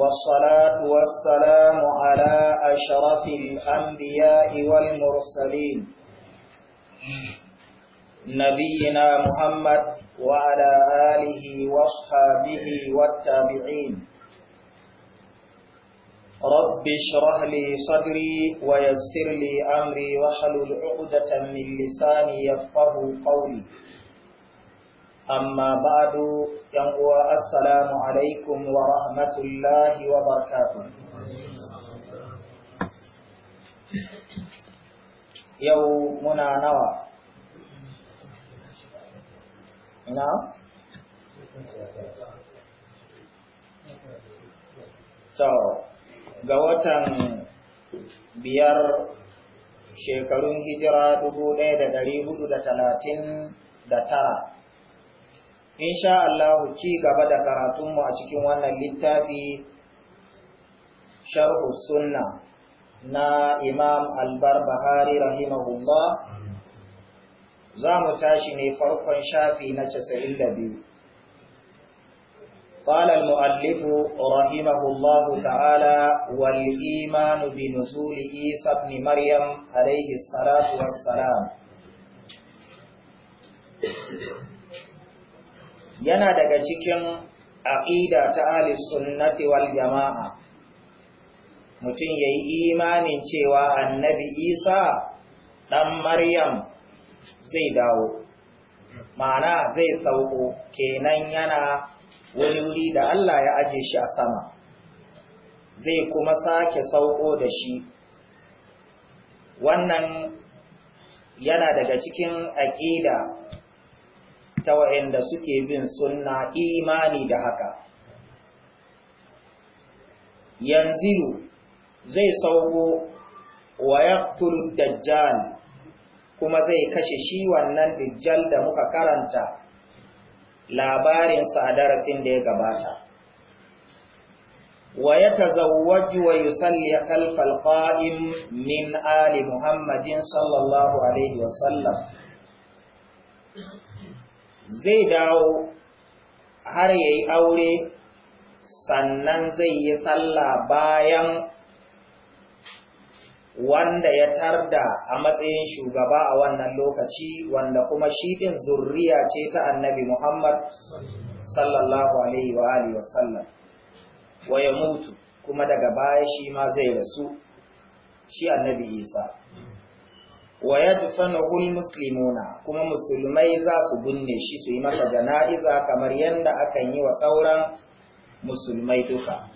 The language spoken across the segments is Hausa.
والصلاة والسلام على أشرف الأنبياء والمرسلين نبينا محمد وعلى آله واصحابه والتابعين رب اشرح لي صدري ويسر لي أمري وحل العقدة من لساني يفقه قولي amma ba'du yan uwa assalamu alaikum wa rahmatullahi wa barakatuh yau muna nawa na so ga watan biyar shekarun hijira da da da talatin tara. In Allah ci gaba da karatunmu a cikin wannan littafi sharhu sunna na Imam Albarbahari rahima rahimahullah za mu tashi ne farkon shafi na 92 قال المؤلف Ta'ala الله تعالى والإيمان بنزول isa ابن maryam عليه الصلاة والسلام yana daga cikin aƙida ta sunnati wal jama'a mutum yayi yi imanin cewa annabi isa ɗan maryam zai dawo mana zai sauko kenan yana wuri da allah ya aje shi a sama zai kuma sake sauko da shi wannan yana daga cikin aƙida ta wa'anda suke bin sunna imani da haka yanzu zai sauko wa yaqtulu dajjal kuma zai kashe shi wannan dajjal da muka karanta labarin sa a darasin da ya gabata wa ya yatazawwaju wa yusalli kalfal ƙa’in min ali muhammadin sallallahu alaihi wa zai dawo har ya yi aure sannan zai yi sallah bayan wanda ya tarda a matsayin shugaba a wannan lokaci wanda kuma shi ɗin zurriya ce ta annabi Muhammad sallallahu alaihi wa alihi wa sallam ya mutu kuma daga baya shi ma zai rasu shi annabi Isa wa yadfanuhu almuslimuna kuma musulmai za su binne shi su yi masa jana'iza kamar yadda akan yi wa sauran musulmai duka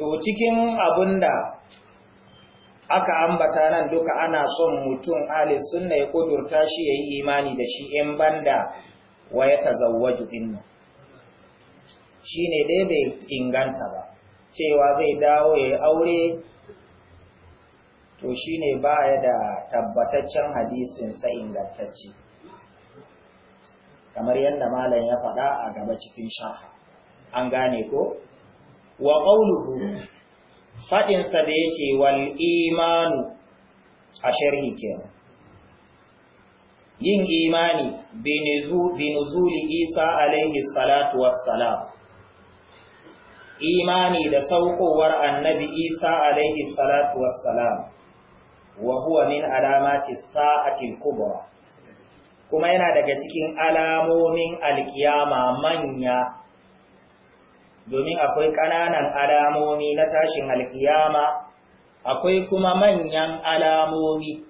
to cikin da aka ambata nan duka ana son mutum ahli sunna ya kudurta shi yayi imani da shi in banda wa ya tazawwaju dinnan shine dai bai inganta ba cewa zai dawo ya aure to shi ne baya da tabbataccen hadisin sa ingantacce kamar yadda malam ya faɗa a gaba cikin sharha an gane ko wa qawluhu fadin sa da yace wal imanu a sharhi ke yin imani bi isa alaihi salatu wassalam imani da saukowar annabi isa alaihi salatu wassalam wa huwa min alamati sa'atil kubra kuma yana daga cikin alamomin alkiyama manya domin akwai ƙananan alamomi na tashin alkiyama akwai kuma manyan alamomi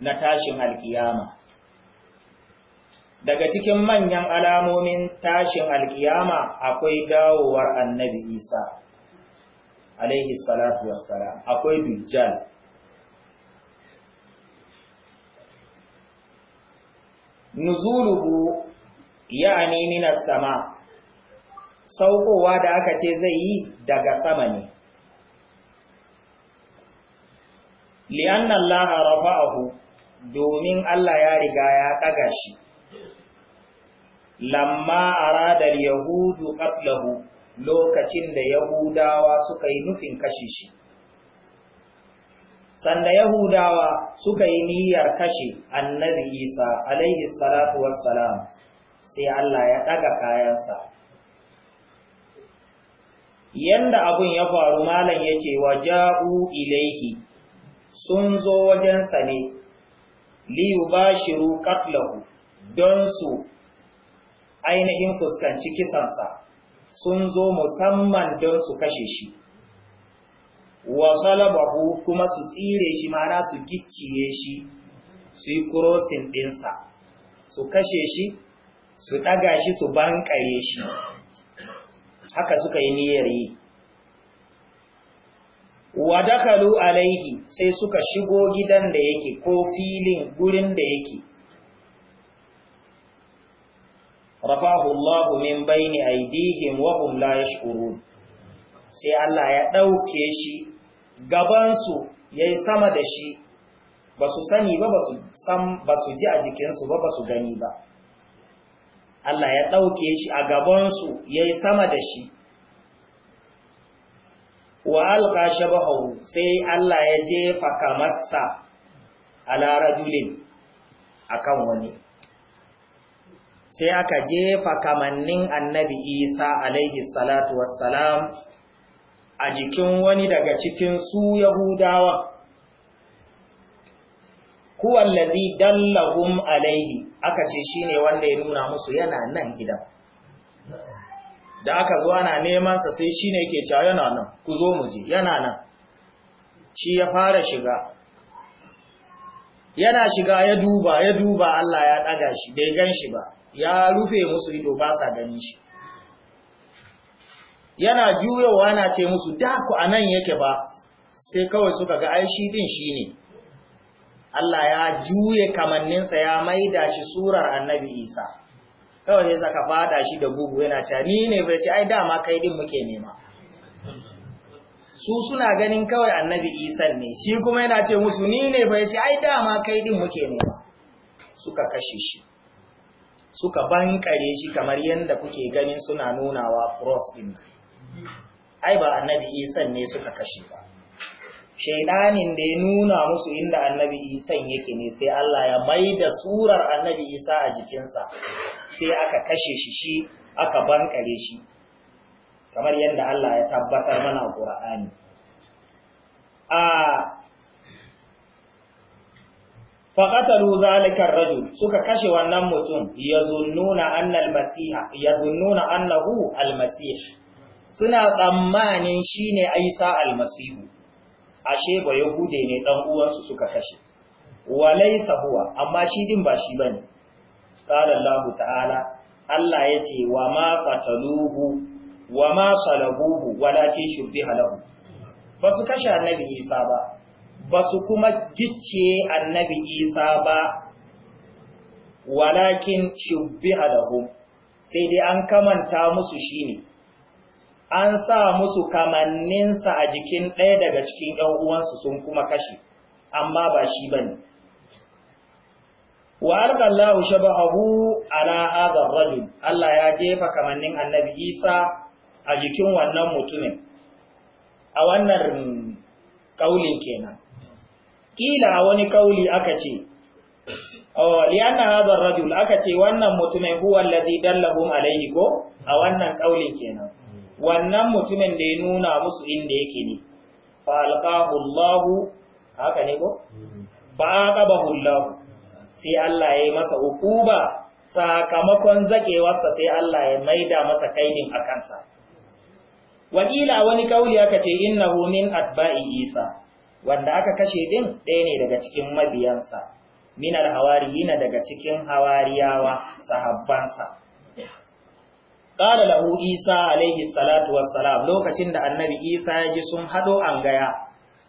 na tashin alkiyama daga cikin manyan alamomin tashin alkiyama akwai dawowar annabi isa alaihi salatu wassalam akwai bijjal nuzuluhu ya minas sama saukowa da aka ce zai yi daga sama ne li'anna Allah rafa'ahu domin Allah ya riga ya ɗaga shi lamma aradar yahudu qatlahu lokacin da yahudawa suka yi nufin kashe shi sanda Yahudawa suka yi niyyar kashe annabi Isa alaihi salatu wassalam sai Allah ya ɗaga kayansa. Yanda abun ya faru malam ya ce wa ja'u ilaihi sun zo wajensa ne liyu ba shi don su ainihin fuskanci kisansa sun zo musamman don su kashe shi. wa salabahu kuma su tsire shi ma'ana su gicciye shi su yi kurosin ɗinsa su kashe shi su ɗaga shi su bankare shi haka suka yi niyyar yi wa dakalu alaihi sai suka shigo gidan da yake ko filin gurin da yake rafahu allahu min baini aidihim wa hum la yashkurun sai Allah ya dauke shi gabansu ya yi sama da shi ba su sani ba ba su ji a jikinsu ba ba su gani ba Allah ya ɗauke shi a gabansu ya yi sama da shi wa alƙa hau sai Allah ya jefa kamarsa a larajulin a kan wani sai aka jefa kamannin annabi isa alaihi salatu wassalam a jikin wani daga cikin su Yahudawa. Kuwallazi dallahum alaihi aka ce shi ne wanda ya nuna musu yana nan gidan. Da aka zo ana nemansa sai shi ne ke cewa yana nan, ku zo mu je, yana nan. Shi ya fara shiga. Yana shiga ya duba, ya duba Allah ya ɗaga shi, bai gan shi ba, ya rufe musu ido ba sa ganin shi. yana juyowa na ce musu da ku nan yake ba sai kawai suka ga ai shi din ne. Allah ya juye kamanninsa ya maida shi surar annabi Isa kawai sai zaka fada shi da gugu yana cewa ni ne bai ce ai dama kai din muke nema su suna ganin kawai annabi Isa ne shi kuma yana ce musu ni ne bai ce ai dama kai din muke nema suka kashe shi suka bankare shi kamar yadda kuke ganin suna nunawa cross din ai ba annabi isan ne suka kashe ba shaidanin da ya nuna musu inda annabi isan yake ne sai Allah ya maida surar annabi isa a jikinsa sai aka kashe shi shi aka bankare shi kamar yadda Allah ya tabbatar mana a Qur'ani a faqatalu zalika ar-rajul suka kashe wannan mutum yazunnuna anna annal masiha yazunnuna annahu al-masih suna tsammanin shi ne Aisa almasihu, ashe ba Yahude ne ɗan uwansu suka kashe, walai sahuwa, amma shi din ba shi ba ne, ta'ala, Allah ya ce wa ma ƙataluhu, wa ma salabuhu, walakin shubbi halahu. Ba su kashe annabi Isa ba, ba su kuma gicce annabi Isa ba, walakin shubbi halahu, sai dai an kamanta musu shi ne. an sa musu kamanninsa a jikin ɗaya daga cikin ‘yan uwansu sun kuma kashe, amma ba shi ba ne. Wa alƙallahu Abu ala hadar rajul, Allah ya jefa kamannin annabi Isa a jikin wannan mutumin, a wannan ƙaulin kenan. Kila a wani ƙauli aka ce, oh, li'anna hadha ar-rajul aka ce wannan mutumin huwa allazi dallahum alaihi ko a wannan ƙaulin kenan wannan mutumin da ya nuna musu inda yake ne fa alqahu Allah haka ne ko ba ba Allah sai Allah ya yi masa hukuba sakamakon sa sai Allah ya maida masa kainin a kansa wakila wani kauli aka ce innahu min atba'i Isa wanda aka kashe din ɗaya ne daga cikin mabiyansa minar hawariyina daga cikin hawariyawa sahabbansa qala lahu isa alaihi salatu wassalam lokacin da annabi isa ya ji sun hado an gaya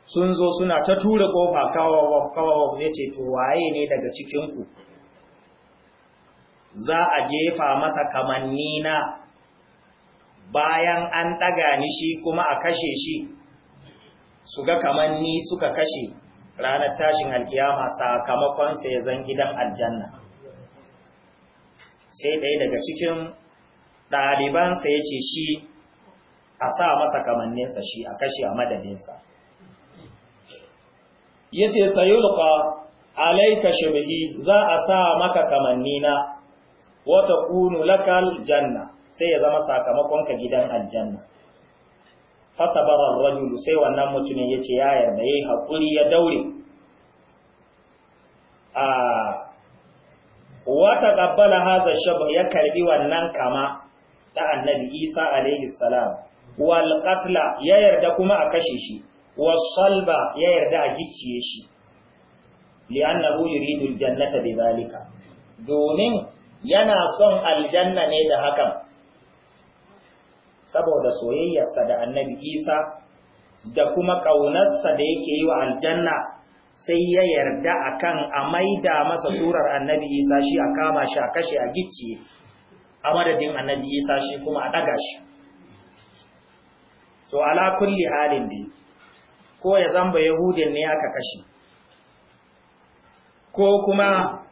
sun zo suna ta tura kofa kawawa kawawa yace to waye ne daga cikin ku za a jefa masa kamanni na bayan an daga ni shi kuma a kashe shi su ga kamanni suka kashe ranar tashin alkiyama sakamakon sai zan gidan aljanna sai ɗaya daga cikin ɗalibansa ya ce shi a sa masa kamanninsa shi a kashe a madadinsa ya ce sayulka alaika shibhi za a sa maka kamannina wata kunu lakal janna sai ya zama sakamakonka gidan aljanna fasabarar rajulu sai wannan mutumin ya ce ya yarda ya yi haƙuri ya daure a ah, wata ƙabbala haza shabu ya karbi wannan kama na annabi isa alaihi salam wal qatla ya yarda kuma a kashe shi was salba ya yarda a gicciye shi li'annahu yuridu aljannata bidhalika domin yana son aljanna ne da hakan saboda soyayyarsa da annabi isa da kuma ƙaunarsa da yake yi wa aljanna sai ya yarda akan a maida masa surar annabi isa shi a kama shi a kashe a gicciye Amadadin madadin annabi isa shi kuma a ɗaga shi to ala kulli halin dai ko ya zamba yahudin ne aka kashe ko kuma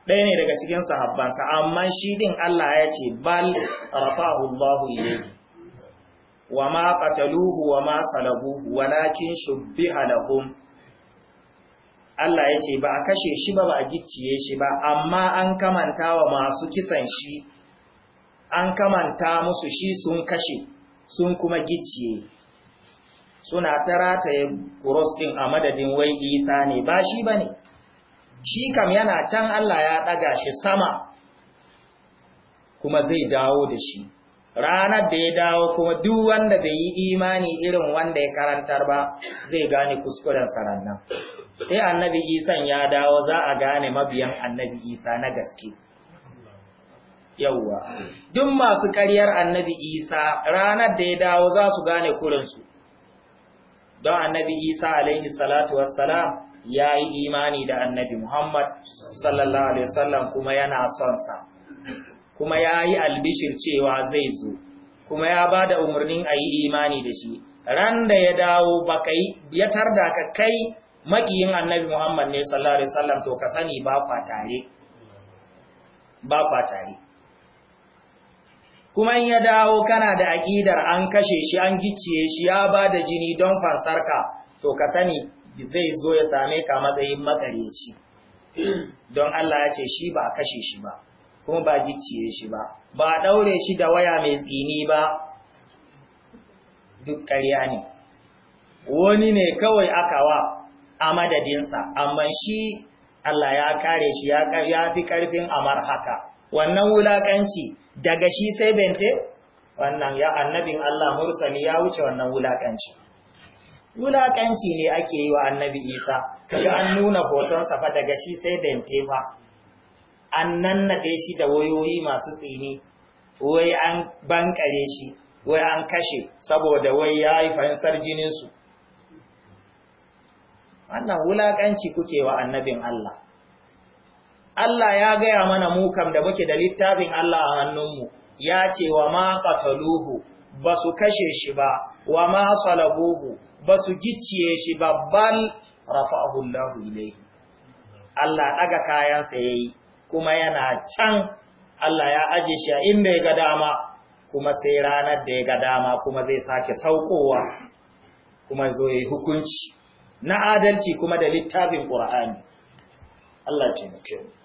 ɗaya ne daga cikin sahabbansa amma shi din Allah ya ce bal rafahu Allahu ilayhi wa ma qataluhu wa ma salabuhu walakin shubbiha lahum Allah ya ce ba a kashe shi ba ba a gicciye shi ba amma an kamanta wa masu kisan shi an kamanta musu shi sun kashe sun kuma gicciye suna ta rataye kuros ɗin a madadin wai isa ne ba shi ba shi kam yana can Allah ya ɗaga shi sama kuma zai dawo da shi ranar da ya dawo kuma duk wanda bai yi imani irin wanda ya karantar ba zai gane kuskuren sarannan sai annabi isan ya dawo za a gane mabiyan annabi isa na gaske yawwa duk masu ƙaryar annabi isa ranar da ya dawo za su gane kurinsu don annabi isa alaihi salatu wassalam ya yi imani da annabi muhammad sallallahu alaihi wasallam kuma yana son sa kuma ya yi albishir cewa zai zo kuma ya ba da umarnin a yi imani da shi ran da ya dawo bakai ya tarda ka kai makiyin annabi Muhammad ne sallallahu alaihi wasallam to ka sani ba kwa tare ba kwa tare kuma in ya dawo kana da aƙidar an kashe shi an gicciye shi ya ba da jini don fansarka, to ka sani zai zo ya same ka matsayin makareci don Allah ya ce shi ba kashe shi ba kuma ba gicciye shi ba ba a ɗaure shi da waya mai tsini ba duk ƙarya ne wani ne kawai aka wa a madadinsa amma shi Allah ya kare shi ya fi ƙarfin amar haka wannan wulaƙanci daga shi sai bente wannan ya annabin Allah mursali ya wuce wannan wulakanci wulakanci ne ake yi wa annabi Isa kaga an nuna hotonsa fa daga shi sai bente fa an nannade shi da wayoyi masu tsini wai an bankare shi wai an kashe saboda wai ya yi fansar jininsu wannan wulakanci kuke wa annabin Allah Allah ya gaya mana mukam da muke da littafin Allah a hannunmu ya ce wa ma qataluhu ba su kashe shi ba wa ma salabuhu ba su gicciye shi ba bal rafa'ahu Allah ilaihi. Allah daga kayansa yayi kuma yana can Allah ya aje shi a inda ya ga dama kuma sai ranar da ya ga dama kuma zai sake saukowa kuma zo ya hukunci na adalci kuma da littafin Qur'ani Allah ya taimake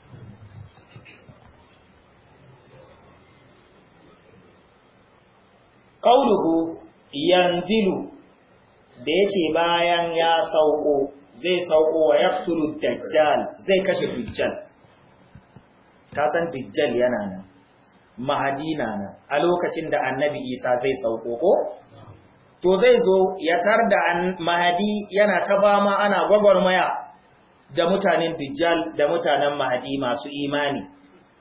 Kauluhu yanzilu da yake bayan ya sauko zai sauko wa yaktulu dajjal zai kashe dajjal kasan dajjal yana nan mahadi na nan a lokacin da annabi isa zai sauko ko to zai zo ya tar da mahadi yana ta ma ana gwagwarmaya da mutanen dajjal da mutanen mahadi masu imani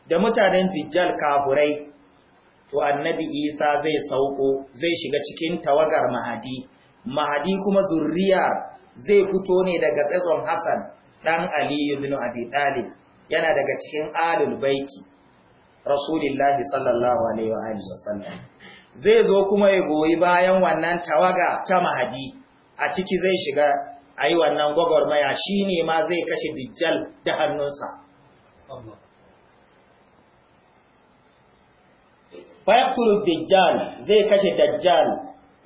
da mutanen dajjal kafurai to annabi isa zai sauko zai shiga cikin tawagar mahadi mahadi kuma zurriyar zai fito ne daga tsazon hassan ɗan aliyu bin abi talib yana daga cikin alul baiti rasulullahi sallallahu alaihi wa alihi zai zo kuma ya goyi bayan wannan tawaga ta mahadi a ciki zai shiga ayi wannan gwagwarmaya shine ma zai kashe dijjal da hannunsa fayaktulu dajjal zai kashe dajjal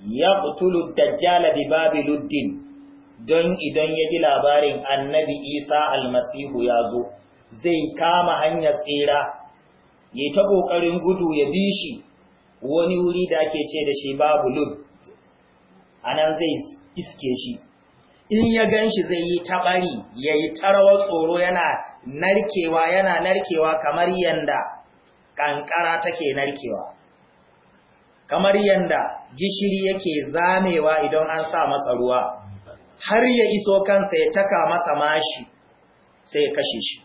ya qtulu dajjal bi babiluddin don idan ya ji labarin annabi Isa almasihu ya zo zai kama hanyar tsira yi ta ƙoƙarin gudu ya bi shi wani wuri da ake ce da shi babu lud anan zai iske shi in ya gan shi zai yi ta ya yi tarawar tsoro yana narkewa yana narkewa kamar yanda ƙanƙara take narkewa kamar yadda gishiri yake zamewa idan an sa masa ruwa har ya iso kansa ya taka masa mashi sai ya kashe shi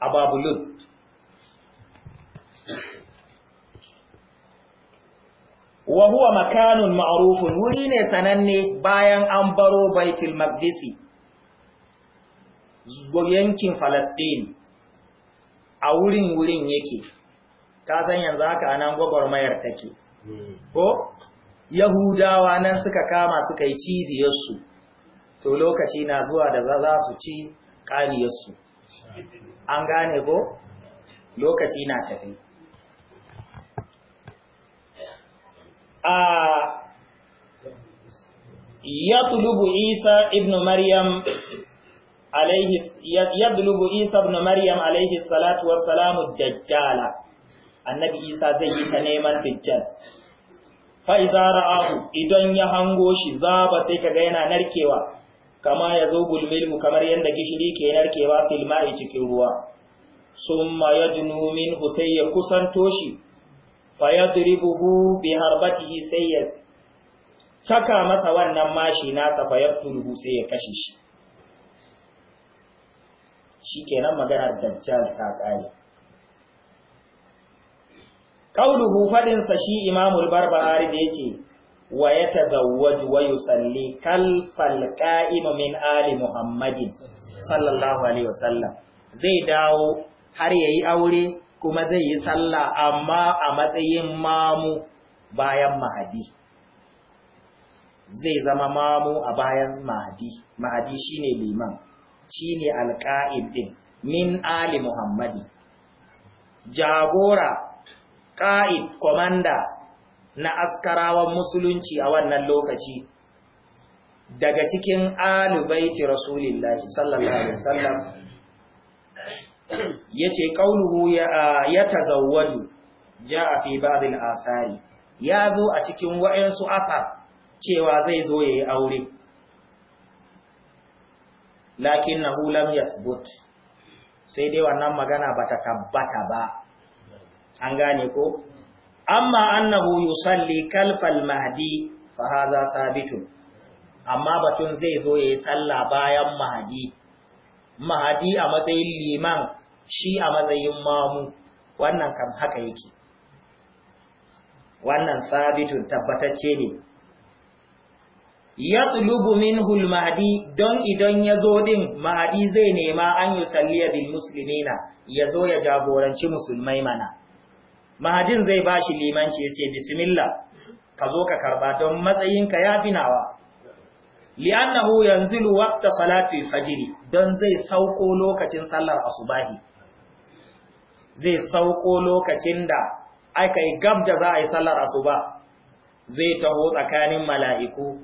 a babulun wa huwa makanun wuri ne sananne bayan an baro baitul maqdisi yankin Falasɗin a wurin wurin yake ka san yanzu haka nan gwagwarmayar take ko yahudawa nan suka kama suka yi cibiyarsu to lokaci na zuwa da za su ci ƙaniyarsu an gane ko lokaci na tafi a ya tulubu isa Ibnu maryam alaihi yadlubu Isa ibn Maryam alaihi salatu wassalamu dajjala annabi Isa zai yi ta neman dajjal fa idza ra'ahu idan ya hango shi zaba sai kaga yana narkewa kama yazo milhu kamar yanda gishiri ke narkewa fil ma'i cikin ruwa summa yadnu minhu sai ya kusanto shi fa yadribuhu bi harbatihi sai ya caka masa wannan mashi nasa fa yaqtuluhu sai ya kashe shi shikenan maganar dajjal ta kare qauluhu fadin sa shi imamul barbahari da yake wa yatazawwaju wa yusalli kal falqa'im min ali muhammadin sallallahu alaihi wasallam zai dawo har yayi aure kuma zai yi sallah amma a matsayin mamu bayan mahadi zai zama mamu a bayan mahadi mahadi shine liman shine alqa'id din min ali muhammadi jagora qa'id komanda na askarawan musulunci a wannan lokaci daga cikin alubaiti rasulillahi sallallahu alaihi wasallam yace qauluhu ya ja jaa fi ba'd asari. Ya yazo a cikin wa’yansu asar cewa zai zo yayi aure lakin na hulam yasbut sai dai wannan magana ba ta tabbata ba an gane ko amma annahu yusalli kalfal mahdi fa hadha sabitun amma batun zai zo yayi sallah bayan mahdi mahdi a matsayin liman shi a matsayin mamu wannan kam haka yake wannan sabitun tabbatacce ne ya tulubu minhul Mahdi don idan ya zo din mahadi zai nema an yi salliya bil na ya zo ya jagoranci musulmai mana mahadin zai ba shi limanci ya ce bismillah ka zo ka karba don matsayinka ya fi nawa li'annahu yanzilu waqta salati fajiri don zai sauko lokacin sallar asubahi zai sauko lokacin da aka yi gab da za a yi sallar asuba zai taho tsakanin mala'iku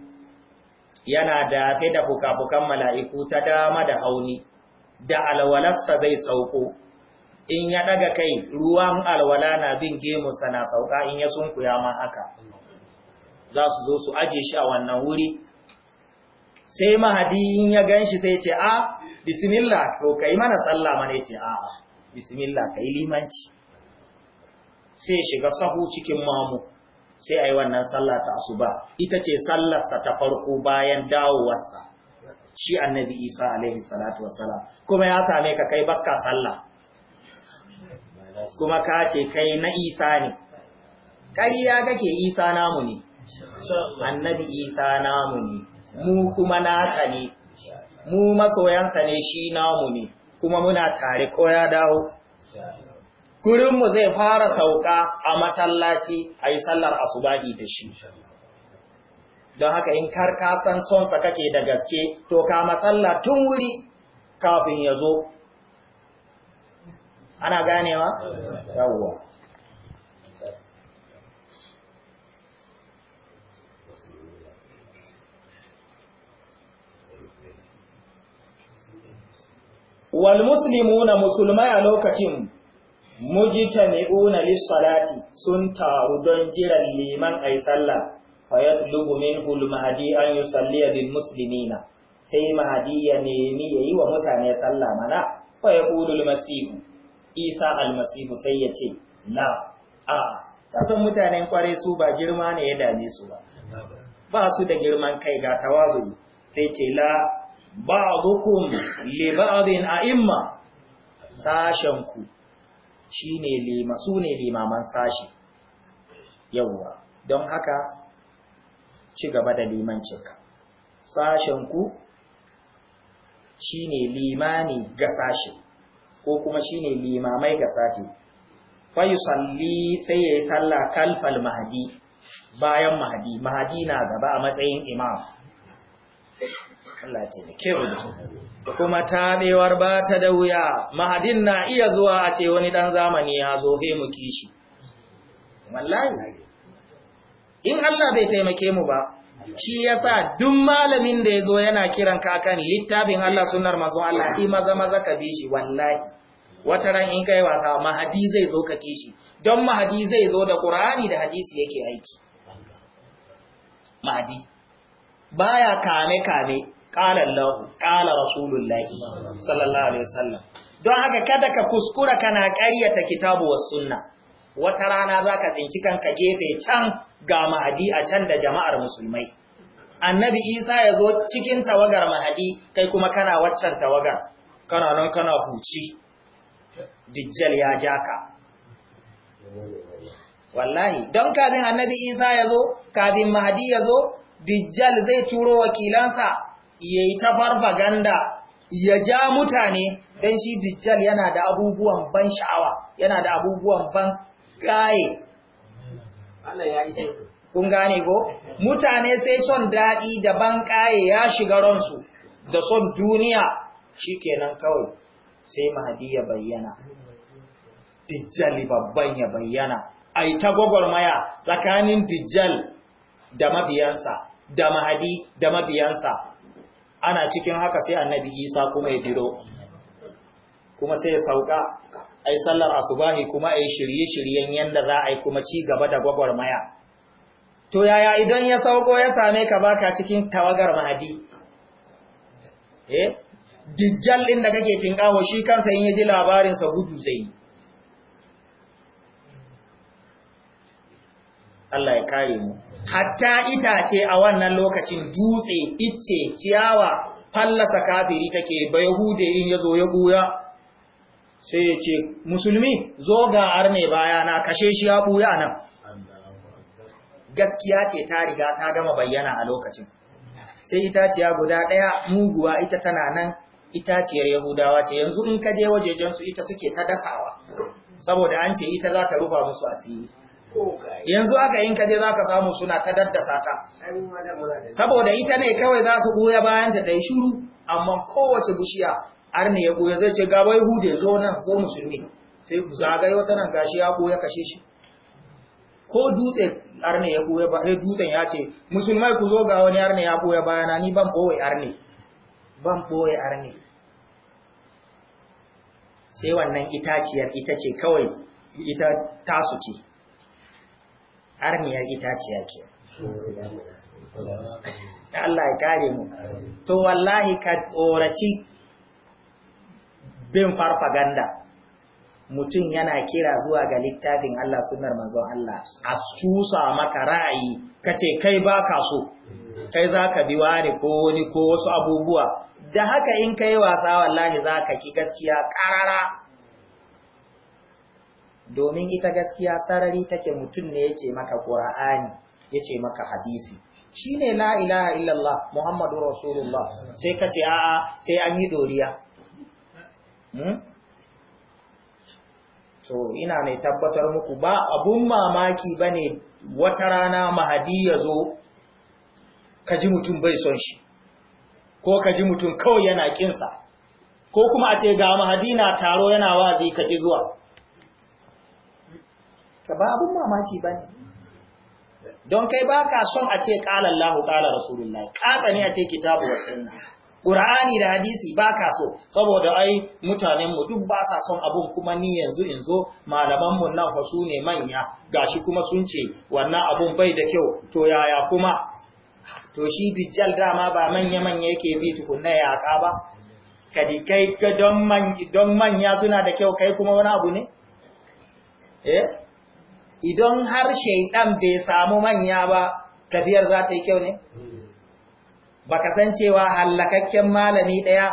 yana dafe da fuka-fukan mala'iku ta dama da hauni, da alwalarsa zai sauko, in ya ɗaga kai ruwan alwala na bin gemunsa na sauka in ya sunkuya ma haka, za su zo su aje shi a wannan wuri. Sai mahadi in ya gan shi sai ce, A, bismillah, to ka yi mana tsalla mana ce, A, bismillah, ka yi limanci. Sai shiga sahu cikin mamu. sai a yi wannan sallah ta asuba ita ce sallarsa ta farko bayan dawowarsa shi annabi isa alaihi salatu wassalam kuma ya same ka kai bakka sallah kuma ka ce kai na isa ne ƙariya kake isa namu ne annabi isa namu ne mu kuma naka ne mu masoyansa ne shi namu ne kuma muna tare ko ya dawo kurinmu zai fara sauka a masallaci a yi sallar asubahi da shi. Don haka in kar ka san sonsa kake da gaske, to ka masalla tun wuri kafin ya zo. Ana ganewa? Yawwa. Wal muslimu na musulmai a lokacin mujtami'una lis-salati sun taru don jiran liman ay sallah fa lugumin minhu mahdi an yusalli bil muslimina sai mahdi ya nemi yayi wa mutane sallah mana fa yaqulu isa Almasihu, sai ya ce na. a kasan mutanen kware su ba girma ne ya dame su ba ba su da girman kai ga tawazu sai ce la ba ba'dukum li ba'din a'imma sashen ku shine lima su ne limaman sashi yawwa don haka ci gaba da limancinka sashenku shine limani ga sashi ko kuma shine limamai ga sashi fayusalli sai yayi sallah kalfal mahdi bayan mahdi mahdi na gaba a matsayin imam Allah ya taimake mu kuma taɓewar ba ta da wuya mahadin na iya zuwa a ce wani ɗan zamani ya zo he mu kishi wallahi in Allah bai taimake mu ba shi yasa duk malamin da yazo yana kiran ka littafin Allah sunnar manzon Allah in maza maza ka bi shi wallahi wata ran in kai wasa mahadi zai zo ka kishi don mahadi zai zo da Qur'ani da hadisi yake aiki mahadi baya kame kame قال رسول الله صلى sallallahu alaihi وسلم don haka kada ka kuskura kana ƙaryata kitabu was sunna wata rana zaka tsinci kanka gefe can ga mahadi a can da jama'ar musulmai annabi Isa ya zo cikin tawagar mahadi kai kuma kana waccan tawagar kana nan kana huci dijjal ya jaka wallahi don kafin annabi isa ya zo kafin mahadi ya zo dijjal zai turo wakilansa ya yi ta farfaganda ya ja mutane don shi dijjal yana da abubuwan ban sha'awa yana da abubuwan ban gaye kun gane ko mutane sai son daɗi da ban ƙaye ya shiga ransu da son duniya shi kenan kawai sai mahadi ya bayyana dijjal babban ya bayyana Ayi ta gwagwarmaya tsakanin dijjal da mabiyansa da mahadi da mabiyansa ana cikin haka sai annabi isa kuma ya diro kuma sai ya sauka a yi sallar asubahi kuma a yi shirye-shiryen yadda za a yi kuma ci gaba da gwagwarmaya to yaya idan ya sauko ya same ka baka cikin tawagar mahadi eh dijjal ɗin da kake tinkawo shi kansa in ya ji labarin sa gudu zai Allah ya kare mu hatta itace a wannan lokacin dutse icce ciyawa fallasa kafiri take ba yahude in yazo ya buya sai ya ce musulmi zo ga arne baya na kashe shi ya buya nan gaskiya ce ta riga ta gama bayyana a lokacin sai itaciya guda ɗaya muguwa ita tana nan itaciyar yahudawa ce yanzu in ka je wajejensu ita suke ta dasawa saboda an ce ita za ta rufa musu asiri yanzu aka yin kaje za ka samu suna ta daddasa ta saboda ita ne kawai za su goya bayan ta dai shuru amma kowace bushiya har ne ya goya zai ce gaba hude, zo nan zo musulmi sai ku zagaye wata nan gashi ya goya kashe shi ko dutse har ne ya goya ba sai eh, dutsen ya ce musulmai ku zo ga wani har ne ya goya bayan ni ban boye har ne ban boye har ne sai wannan itaciyar ita ce kawai ita tasu ce arniyar itaciya ke Allah ya kare mu to wallahi ka tsoraci bin farfaganda mutum yana kira zuwa ga littafin Allah sunar manzon Allah a maka ra'ayi kace kai baka so kai zaka bi wani ko wani ko wasu abubuwa da haka in kai wasa wallahi za ka ki gaskiya ƙarara. domin ita gaskiya sarari take mutum ne yake maka qur'ani yake maka hadisi shine la ilaha illallah muhammadu rasulullah sai kace a'a sai an yi doriya hmm? to ina mai tabbatar muku ba abun mamaki bane wata rana mahadi yazo kaji mutum bai son shi ko kaji mutum kawai yana kinsa ko kuma a ce ga mahadi na taro yana wazi kaji zuwa ka ba abun mamaki ba ne don kai ba ka son a ce ƙala Allah ƙala Rasulullah ƙasa ne a ce kitabu wa sunna ƙura'ani da hadisi ba ka so saboda ai mutanenmu duk ba sa son abun kuma ni yanzu in zo malamanmu nan fa su ne manya gashi kuma sun ce wannan abun bai da kyau to yaya kuma to shi dijjal dama ba manya manya yake bi tukunna ya ba kadi kai don manya suna da kyau kai kuma wani abu ne eh idan har shaidan bai samu manya ba tafiyar za ta yi kyau ne baka san cewa halakakken malami ɗaya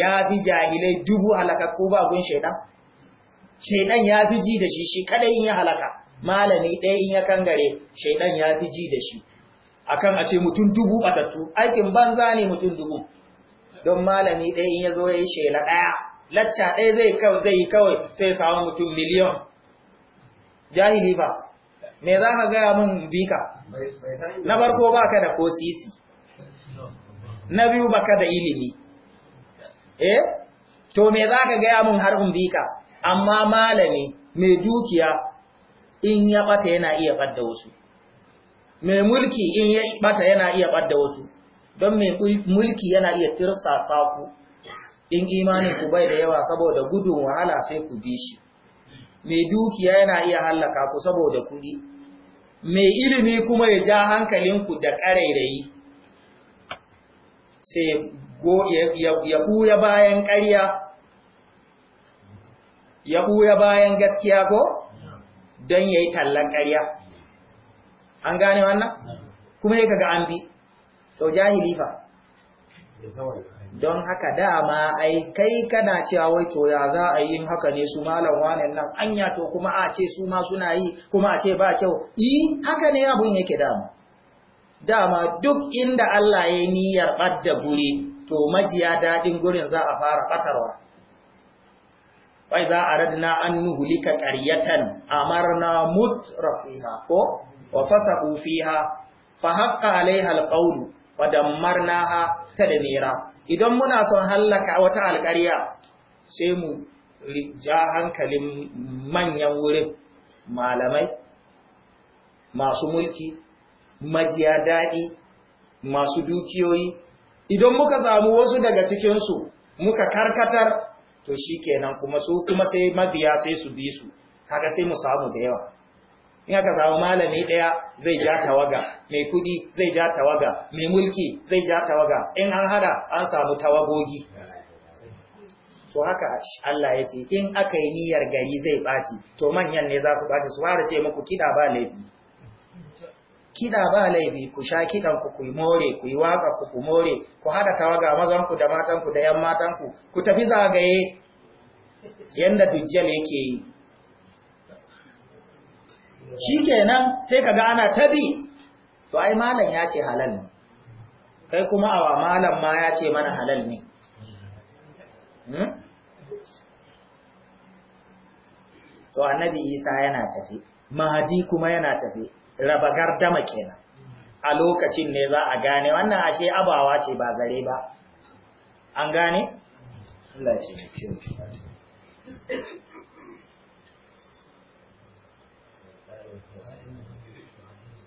ya fi jahilai dubu halakakku ba gun shaidan shaidan ya fi ji da shi shi kadai in ya halaka malami ɗaya in ya kangare shaidan ya fi ji da shi akan a ce mutum dubu batattu aikin banza ne mutum dubu don malami ɗaya in ya zo ya yi shela ɗaya lacca ɗaya zai yi kawai sai samu mutum miliyon jahili ba me za ka gaya min bika na barko ba ka da kosisi na biyu ba ka da ilimi eh to me za ka gaya min har in bika amma malami mai dukiya in ya bata yana iya ɓadda wasu mai mulki in ya bata yana iya ɓadda wasu don mai mulki yana iya tirsa ku in imanin ku bai da yawa saboda gudun wahala sai ku bi shi mai dukiya yana iya hallaka ku saboda kuɗi mai ilimi kuma ya ja hankalinku da ƙarairayi sai ya ɓuya bayan ƙarya ya ɓuya bayan gaskiya ko don ya yi tallan ƙarya an gane wannan kuma ya kaga an bi sau jahilifa don haka dama ai kai kana cewa wai to ya za a yi haka ne su malam wannan nan anya to kuma a ce su ma suna yi kuma a ce ba kyau yi haka ne abun yake dama dama duk inda Allah ya yi niyyar ɓadda guri to majiya daɗin gurin za a fara katarwa wai za a radna an nuhulika qaryatan amarna mutrafiha ko wa fasa fiha fa haƙƙa alaiha alqawlu wa dammarnaha tadmira idan muna son hallaka wata alƙarya sai mu ja hankalin manyan wurin malamai masu mulki majiya daɗi masu dukiyoyi idan muka samu wasu daga cikinsu muka karkatar to shi kenan kuma su kuma sai mabiya sai su bi su kaga sai mu samu da yawa in aka samu malami ɗaya zai ja tawaga mai kudi zai ja tawaga mai mulki zai ja tawaga in an hada an samu tawagogi to haka Allah ya ce in aka yi niyyar gari zai ɓaci to manyan ne za su ɓaci su fara ce muku kiɗa ba laifi kiɗa ba laifi ku sha kiɗan ku ku more ku yi waka ku ku more ku hada tawaga mazanku da matanku da yan matanku ku tafi zagaye yanda dujjal yake yi Shi kenan sai ka kaga ana tabi to ai malam ya ce halal ne kai kuma awa malam ma ya ce mana halal ne hmm? to annabi isa yana tafi mahadi kuma yana tafi raba gardama kenan a lokacin ne za a gane wannan ashe abawa ce ba gare ba an gane? Allah ce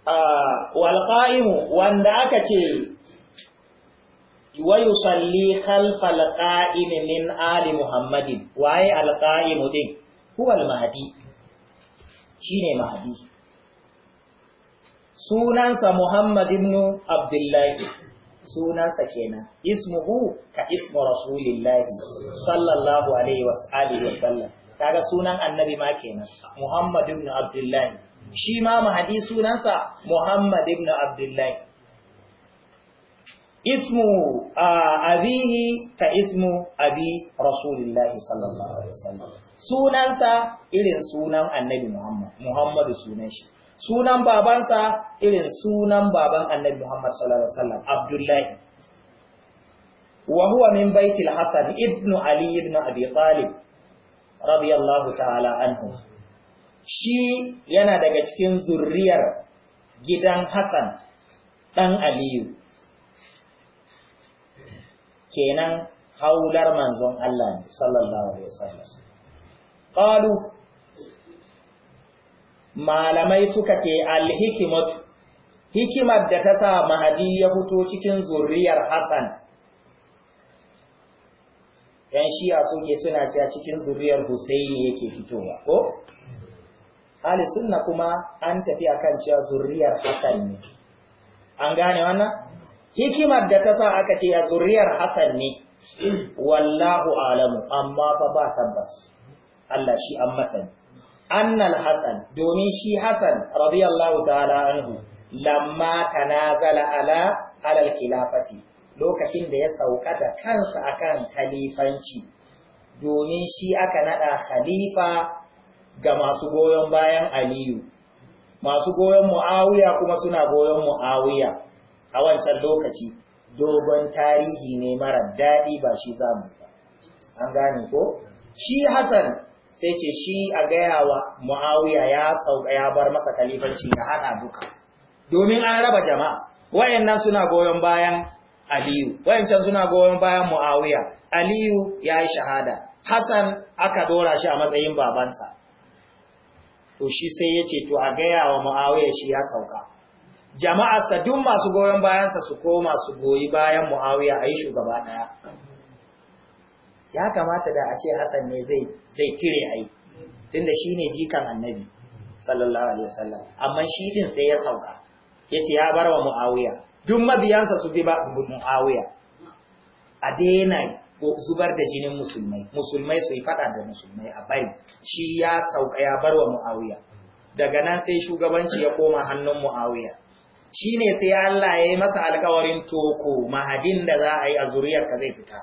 walƙa'imu wanda aka ce wayu salli khalfal qa'imi min ali muhammadin waye alqa'imu din huwa almahdi shine mahdi sunansa muhammad ibn abdullahi sunansa kenan ismuhu ka ismu rasulillah sallallahu alaihi wa wa sallam kaga sunan annabi ma kenan muhammad ibn abdullahi shi ma mahadi sunansa Muhammad ibn Abdullahi. Ismu abihi ka ismu abi Rasulullahi sallallahu Alaihi wasallam. Sunansa irin sunan annabi Muhammad, Muhammadu sunan shi. Sunan babansa irin sunan baban annabi Muhammad sallallahu Alaihi wasallam, Abdullahi. Wa huwa min baitil Hassan ibn Ali ibn Abi Talib radiyallahu ta'ala anhu. shi yana daga cikin zurriyar gidan Hassan ɗan Aliyu. Kenan haular manzon Allah ne, sallallahu Alaihi wasallam. Ƙalu, malamai suka ce alhikimatu, hikimar da ta sa mahadi ya fito cikin zurriyar Hassan. ‘Yan shiya suke suna cewa cikin zurriyar husaini yake fitowa, ko? ahli sunna kuma an tafi akan cewa zurriyar hasan ne an gane wannan hikimar da ta sa aka ce ya zurriyar hasan ne wallahu alamu amma fa ba tabbas Allah shi an masani annal hasan domin shi hasan radiyallahu ta'ala anhu lamma tanazala ala alal khilafati lokacin da ya sauka da kansa akan khalifanci domin shi aka nada khalifa ga masu goyon bayan aliyu masu goyon mu'awiya kuma suna goyon mu'awiya a wancan lokaci dogon tarihi ne mara daɗi ba shi zamu ba an gane ko shi hassan sai ce shi a gaya wa mu'awiya ya sauka ya bar masa kalifanci ya haɗa duka domin an raba jama'a wayannan suna goyon bayan Aliyu, wayancan suna goyon bayan Muawiya, Aliyu ya yi shahada, Hassan aka dora shi a matsayin babansa, to shi sai ya ce to a gaya wa mu'awiyar shi ya sauka jama'arsa duk masu goyon bayansa su koma su goyi bayan mu'awiyar a yi shugaba ɗaya ya kamata da a ce hassan ne zai kire a yi tun da shi ne jikan annabi sallallahu alaihi wasallam amma shi din sai ya sauka ya ce ya bar wa mu'awiyar duk mabiyansa su bi ba mu'awiyar a daina zubar da jinin musulmai musulmai su yi fada da musulmai a bari shi ya sauka ya barwa muawiya daga nan sai shugabanci ya koma hannun muawiya ne sai Allah ya yi masa alkawarin toko mahadin da za a yi a zuriyarka zai fita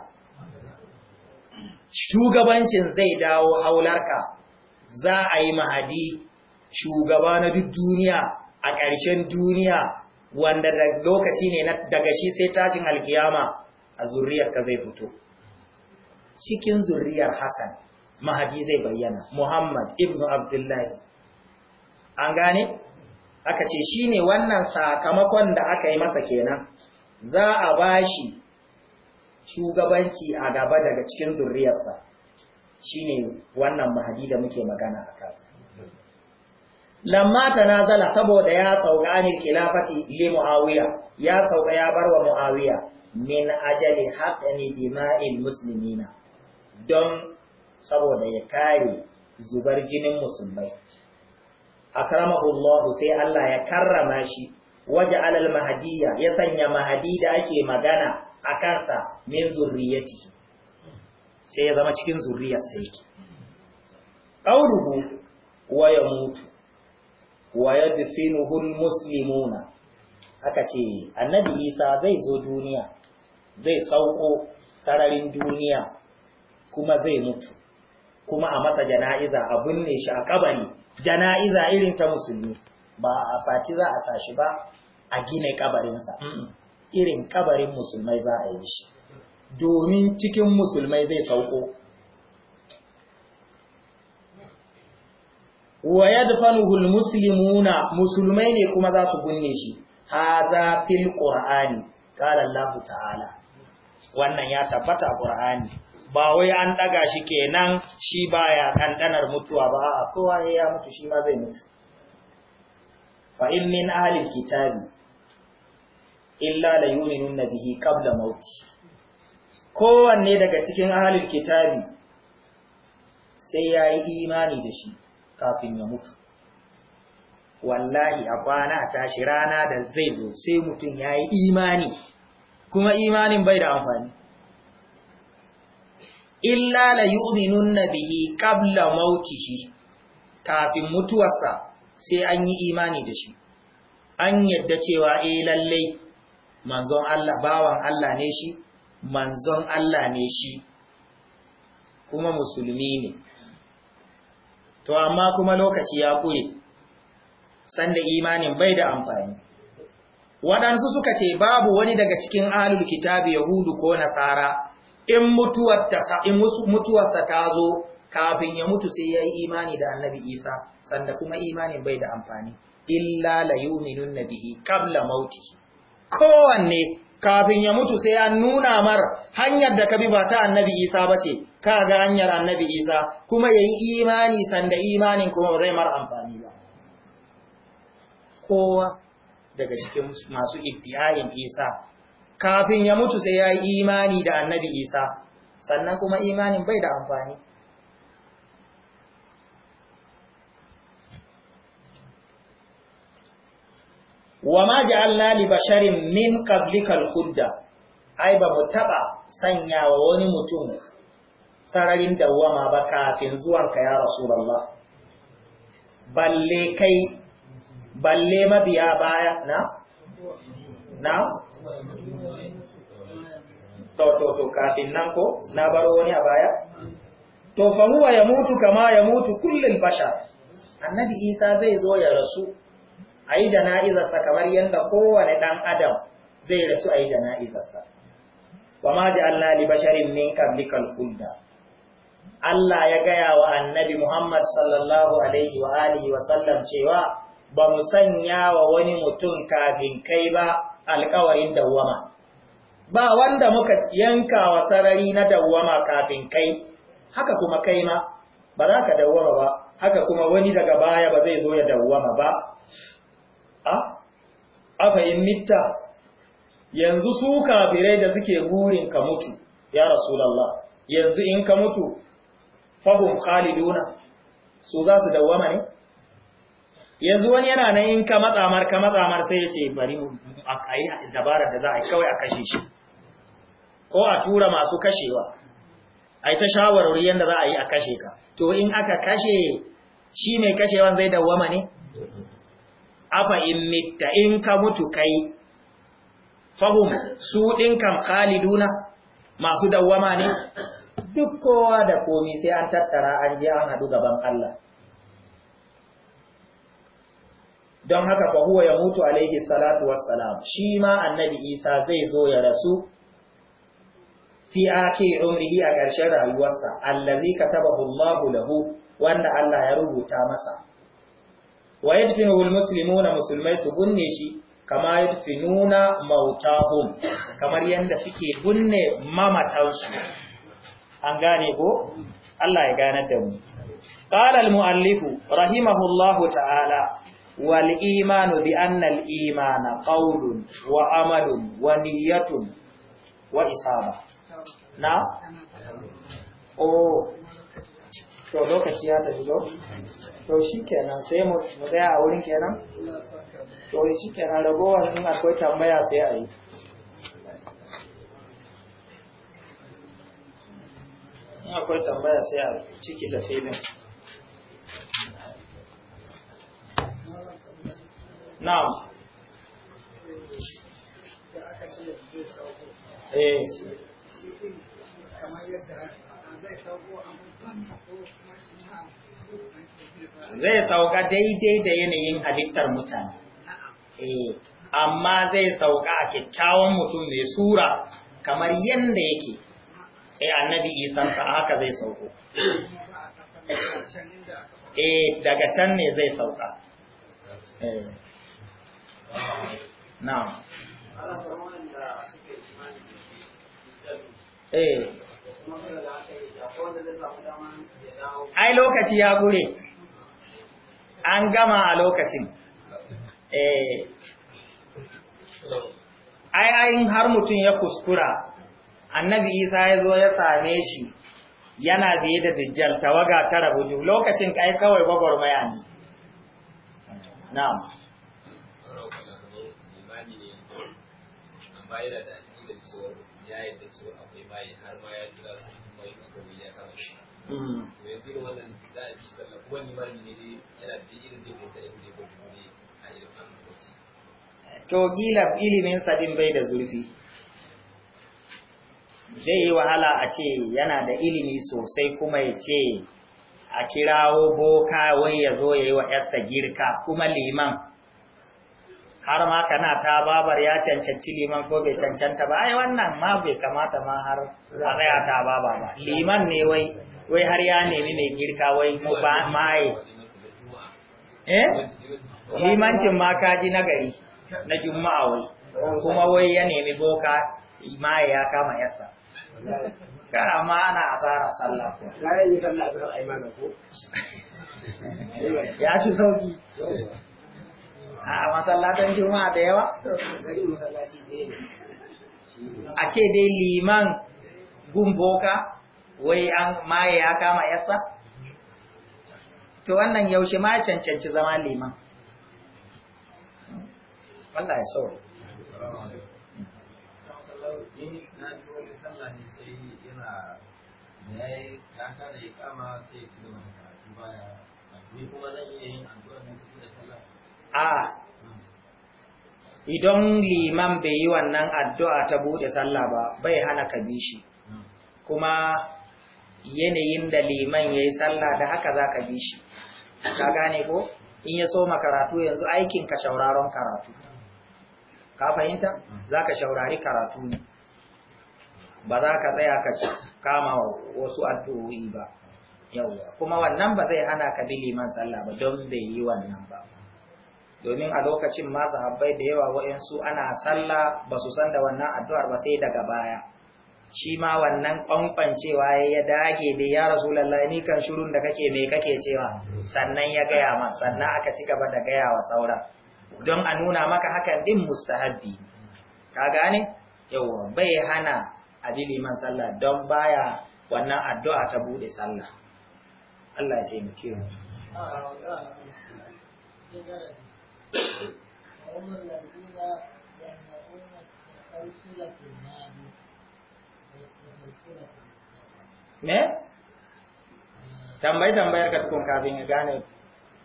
shugabancin zai dawo haularka za a yi mahadi shugaba na duk duniya a ƙarshen duniya wanda lokaci ne daga shi sai tashin alkiyama a zuriyarka zai fito cikin zuriyar Hassan mahadi zai bayyana Muhammad ibn Abdullahi an gane aka ce shine wannan sakamakon da aka yi masa kenan za a ba shi shugabanci a gaba daga cikin zuriyarsa shine wannan mahadi da muke magana a akan lamma tanazala saboda ya sauka anil khilafati li muawiya ya sauka ya barwa muawiya min ajali ne dima'il Musulmina. don saboda ya kare zubar jinin musulmai a akramahullahu sai Allah ya karrama shi waje alal mahadiya ya sanya mahadi da ake magana a kansa min zurriyati sai ya zama cikin zurriyar sai ki wa ya mutu wa yadfinuhu musulmuna. aka ce annabi Isa zai zo duniya zai sauko sararin duniya kuma zai mutu kuma a masa jana'iza a binne shi a kabari jana'iza irin ta musulmi ba a faci za a sashi ba a gina kabarinsa irin kabarin musulmai za a yi shi domin cikin musulmai zai sauko wa yadfanuhul muslimuna musulmai ne kuma za su binne shi hadha fil qur'ani qala Allah ta'ala wannan ya tabbata qur'ani ba wai an ɗaga shi kenan shi baya ɗanɗanar mutuwa ba a kowa ya mutu shi ma zai mutu fa in min ahlil kitabi illa la bihi qabla mauti kowanne daga cikin ahlil kitabi sai ya yi imani da shi kafin ya mutu wallahi a kwana a tashi rana da zai zo sai mutum ya yi imani kuma imanin bai da amfani illa la yu'minunna nabihi qabla mautihi kafin mutuwarsa sai an yi imani da shi an yadda cewa eh lallai manzon Allah bawan Allah ne shi manzon Allah ne shi kuma musulmi ne to amma kuma lokaci ya kure sanda imanin bai da amfani waɗansu suka ce babu wani daga cikin alul kitabi yahudu ko nasara in mutuwarsa ta zo kafin ya mutu sai ya yi imani da annabi isa sanda kuma imanin bai da amfani illa la yuminun nabihi kabla mauti kowanne kafin ya mutu sai an nuna mar hanyar da kabi ba ta annabi isa bace ka ga hanyar annabi isa kuma yayi imani sanda imanin kuma ba zai mara amfani ba kowa daga cikin masu iddiyayin isa kafin ya mutu sai ya yi imani da annabi isa sannan kuma imanin bai da amfani wa ma ja'alna li basharin min qablikal khudda ai ba mu taba sanya wa wani mutum sararin dawwama ba kafin zuwanka ya rasulullah balle kai balle mabiya baya na na to to kafin nan ko na baro wani a baya to fa huwa ya mutu kama ya mutu kullum bashar annabi isa zai zo ya rasu a yi jana'izarsa kamar yadda kowane ɗan adam zai rasu a yi jana'izarsa wa ma ji Allah li basharin min kablikal hulda Allah ya gaya wa annabi Muhammad sallallahu alaihi wa alihi wa sallam cewa ba mu sanya wa wani mutum kafin kai ba alkawarin dawwama ba wanda muka yanka wa sarari na dawwama kafin kai haka kuma kai ma ba za ka dawwama ba haka kuma wani daga baya ba zai zo ya dawwama ba a afayin mitta yanzu su kafirai da suke burin ka mutu ya rasulullah yanzu in ka mutu fahum khaliduna su za su dawwama ne yanzu wani yana nan in ka matsamar ka matsamar sai ya ce bari a yi dabarar da za a yi kawai a kashe shi ko a tura masu kashewa a yi ta shawarwari yadda za a yi a kashe ka to in aka kashe shi mai kashewan zai dawwama ne afa in mitta in ka mutu kai fahum su ɗin kam khaliduna masu dawwama ne duk kowa da komi sai an tattara an je an haɗu gaban Allah don haka fa huwa ya mutu alaihi salatu wassalam shi ma annabi isa zai zo ya rasu fi ake umrihi a ƙarshen rayuwarsa allazi katabahu Allahu lahu wanda Allah ya rubuta masa wa yadfinu almuslimuna musulmai su bunne shi kama yadfinuna mautahum kamar yanda suke bunne mamatansu an gane ko Allah ya ganar da mu qala almuallifu rahimahullahu ta'ala wal imanu bi annal imana qawlun wa amalun wa niyyatun wa isaba na oh to lokaci ya tafi zo to shi shikenan sai mu tsaya a wurin kenan to shi shikenan ragowar in akwai tambaya sai a yi in akwai tambaya sai a ciki da filin na'am eh. zai sauka daidai da yanayin halittar mutane eh amma zai sauka a kyakkyawan mutum mai sura kamar yadda yake eh annabi sa haka zai sauko eh daga can ne zai sauka eh na'am eh ai lokaci ya gure an gama a lokacin eh ai ayin har mutum ya kuskura annabi isa ya zo ya same shi yana biye da dijjal tawaga tara rabu lokacin kai kawai gwagwarmaya ne na'am amma yana da aƙidar cewa ya yadda cewa akwai maye har ma ya kira su kuma yin akwai ya kama shi mm-hmm. to yanzu irin wannan za a bi sallah kuma limami ne dai yana da irin zai mota irin da ya ne a irin fasikanci to kila ilimin sa din bai da zurfi zai yi wahala a ce yana da ilimi sosai kuma ya ce a kirawo boka wai ya zo ya yi wa ‘yarsa girka kuma liman har ma kana ta babar ya cancanci liman ko bai cancanta ba ai wannan ma bai kamata ma har a tsaya ta baba ba liman ne wai wai har ya nemi mai girka wai mu ba maye eh limancin ma ji na gari na juma'a wai kuma wai ya nemi boka mai ya kama yasa kana ma ana asara sallah ko ya yi sallah ko ya shi sauki A'a masallatan juma'a da yawa a ce dai liman gumboka wai an maye ya kama yasa to wannan yaushe ma cancanci zama liman Allah ya ya yi kaka da ya kama sai ya ci karatu baya kuma zan iya yin a idan liman bai yi wannan addu'a ta buɗe sallah ba bai hana ka bishi. kuma yanayin da liman ya yi sallah da haka za ka bi shi ka gane ko in ya soma karatu yanzu aikin ka shauraron karatu ka fahimta za ka shaurari karatu ne ba za ka tsaya ka kama wasu addu'o'i ba yauwa kuma wannan ba zai hana ka bi liman sallah ba don bai yi wannan ba domin a lokacin ma sahabbai da yawa wa'yansu ana sallah ba su san da wannan addu'ar ba sai daga baya shi ma wannan ƙwanƙwancewa ya dage da ya rasu ni kan shirun da kake mai kake cewa sannan ya gaya ma sannan aka ci gaba da gaya wa sauran don a nuna maka hakan din mustahabbi ka gane yawa bai hana abi liman sallah don baya wannan addu'a ta buɗe sallah Allah ya taimake mu وهم me tambayi tambayar ka tukun kafin ya gane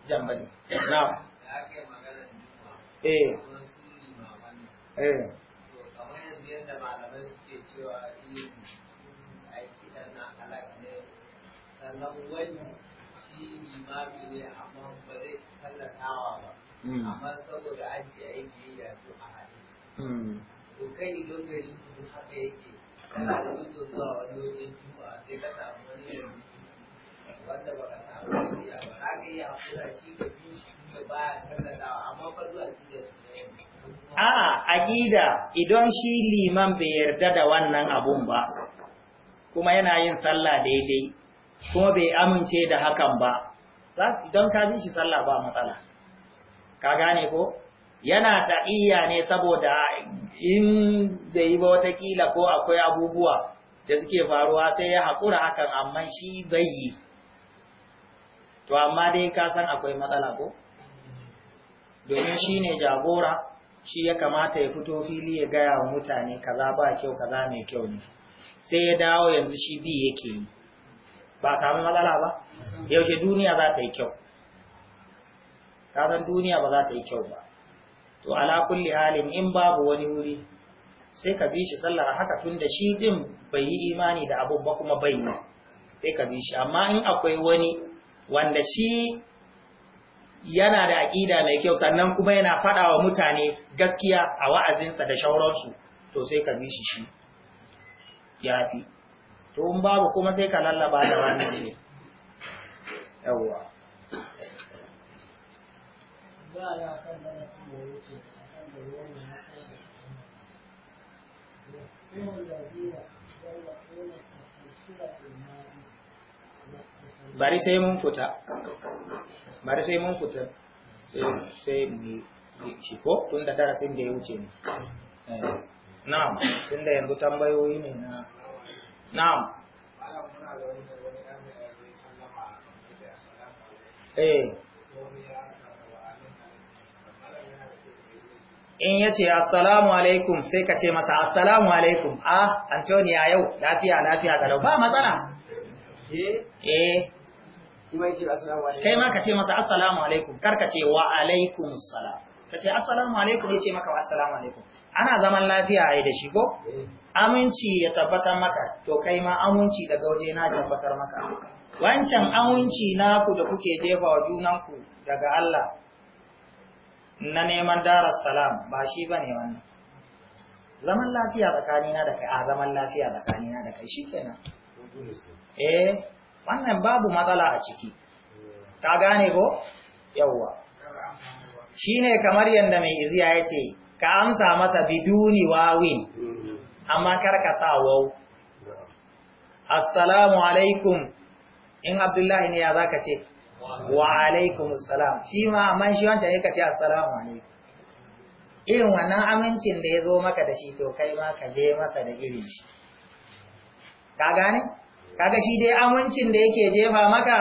jambani na eh eh yadda malamai suke cewa sannan wani shi limami ne amma ba zai sallatawa ba Hmm. amma saboda an ce a yi biyayya to a hadisi hmm. to kai idan gari su haka yake kana hmm. da mutum zuwa wani wajen juma'a sai ka samu wani yanzu wanda baka samu wani ba Haka ka iya hakura shi ka bi shi ba ya tallatawa amma fa zuwa cikin A'a, aƙida idan shi liman bai yarda da wannan abun ba, kuma yana yin sallah daidai, kuma bai amince da hakan ba, idan ka bi shi sallah ba matsala. ka gane ko yana ta'iyya ne saboda in da yi ba watakila ko akwai abubuwa da suke faruwa sai ya haƙura hakan amma shi bai yi to amma dai ka san akwai matsala ko domin shi ne jagora shi ya kamata ya fito fili ya gaya wa mutane kaza ba kyau kaza mai kyau ne sai ya dawo yanzu shi bi yake yi ba samu matsala ba yaushe duniya za ta yi kyau kasan duniya ba za ta yi kyau ba to ala kulli halin in babu wani wuri sai ka bishi shi sallar haka tun da shi din bai yi imani da abun ba kuma bai yi sai ka bi amma in akwai wani wanda shi yana da aƙida mai kyau sannan kuma yana faɗa wa mutane gaskiya a wa'azinsa da shauransu to sai ka bi shi ya fi to in babu kuma sai ka lallaba da wani ne yawwa bari sai mun fita bari sai mun fita sai mu shi ko tun da darasin da ya wuce ne eh, na'am tun da yanzu tambayoyi ne na na'am eh in ya ce assalamu alaikum sai ka ce masa assalamu alaikum ah antonia yau lafiya lafiya ga ba matsala eh, eh. kai ma ka ce masa assalamu alaikum kar ka ce wa alaikum salam ka ce assalamu alaikum ya ce maka wa assalamu alaikum ana zaman lafiya a da shi ko eh. aminci ya tabbatar maka to kai ma aminci daga waje na tabbatar maka wancan aminci naku da kuke jefa wa junanku daga Allah na neman darar salam ba shi ba ne wannan zaman lafiya tsakanina da kai a zaman lafiya tsakanina da kai shi kenan eh wannan babu matsala a ciki Ta gane ko yawwa ne kamar yadda mai iziya yace ka amsa masa biduni wawin amma kar ka sa wa'u. assalamu alaikum in abdullahi ne ya zaka ce wa alaikum salam shi ma amma shi wancan ya kace assalamu alaikum irin wannan amincin da ya zo maka da shi to kai ma ka je masa da irin shi ka gane kaga shi dai amincin da yake jefa maka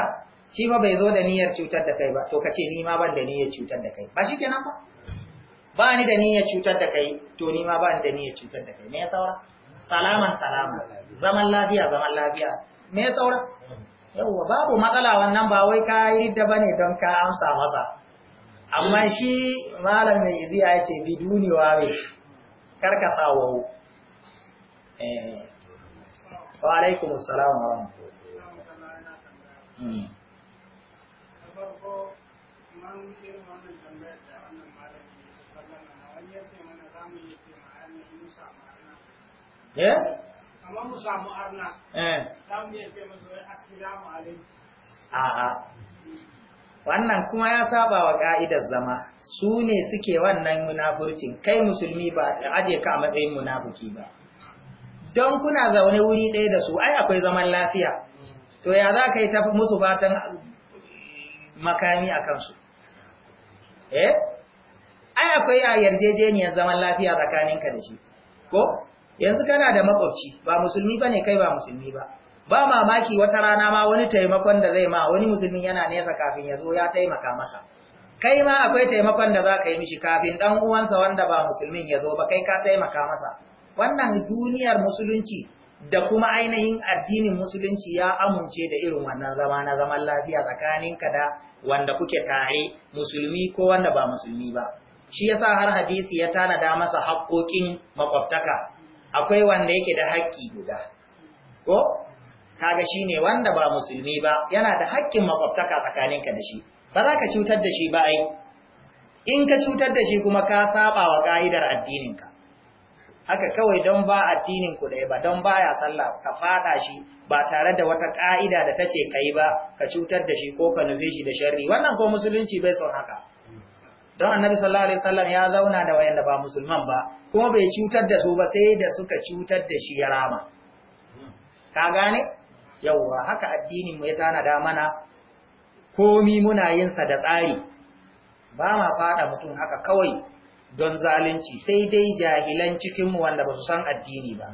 shi ma bai zo da niyyar cutar da kai ba to kace ni ma ban da niyyar cutar da kai ba shikenan ba ba ni da niyyar cutar da kai to ni ma ba ni da niyyar cutar da kai me ya saura salaman salama zaman lafiya zaman lafiya me ya saura yawwa babu matsala wannan ba wai ka yi ridda bane don ka amsa masa amma shi malam mai iziya ya ce biduni wawe karka sawawo eh wa alaikum assalam wa rahmatullahi Yeah? Hmm. mu samu arna. Eh. Za mu iya ce assalamu alaikum. A'a. Wannan kuma ya saba wa ka'idar zama, su ne suke wannan munafurcin, kai musulmi ba aje ka a matsayin munafuki ba. Don kuna zaune wuri ɗaya da su, ai akwai zaman lafiya, to ya za ka yi tafi musu fatan makami a kansu. Eh? Ai akwai a yarjejeniyar zaman lafiya tsakaninka da shi, ko? yanzu kana da makwabci ba musulmi bane kai ba musulmi ba ba mamaki wata rana ma wani taimakon da zai ma wani musulmi yana nesa kafin ya zo ya taimaka masa kai ma akwai taimakon da za ka yi mishi kafin dan uwansa wanda ba musulmin ya zo ba kai ka taimaka masa wannan duniyar musulunci da kuma ainihin addinin musulunci ya amince da irin wannan zama na zaman lafiya tsakaninka da wanda kuke tare musulmi ko wanda ba musulmi ba shi yasa har hadisi ya tanada masa haƙƙoƙin makwabtaka akwai wanda yake da haƙƙi guda ko kaga shine wanda ba musulmi ba yana da haƙƙin makwabtaka tsakaninka da shi ba za ka cutar da shi ba ai in ka cutar da shi kuma ka saba wa ka'idar addininka haka kawai don ba addinin ku ɗaya ba don baya sallah ka fada shi ba tare da wata ka'ida da tace kai ba ka cutar da shi ko ka nufe shi da sharri wannan ko musulunci bai son haka don annabi sallallahu alaihi wasallam ya zauna da wayanda ba musulman ba kuma bai cutar da su ba sai da suka cutar da shi ya rama ka gane yawa haka addinin mu ya tanada mana komi muna yin sa da tsari ba ma fada mutum haka kawai don zalunci sai dai jahilan cikin mu wanda ba su san addini ba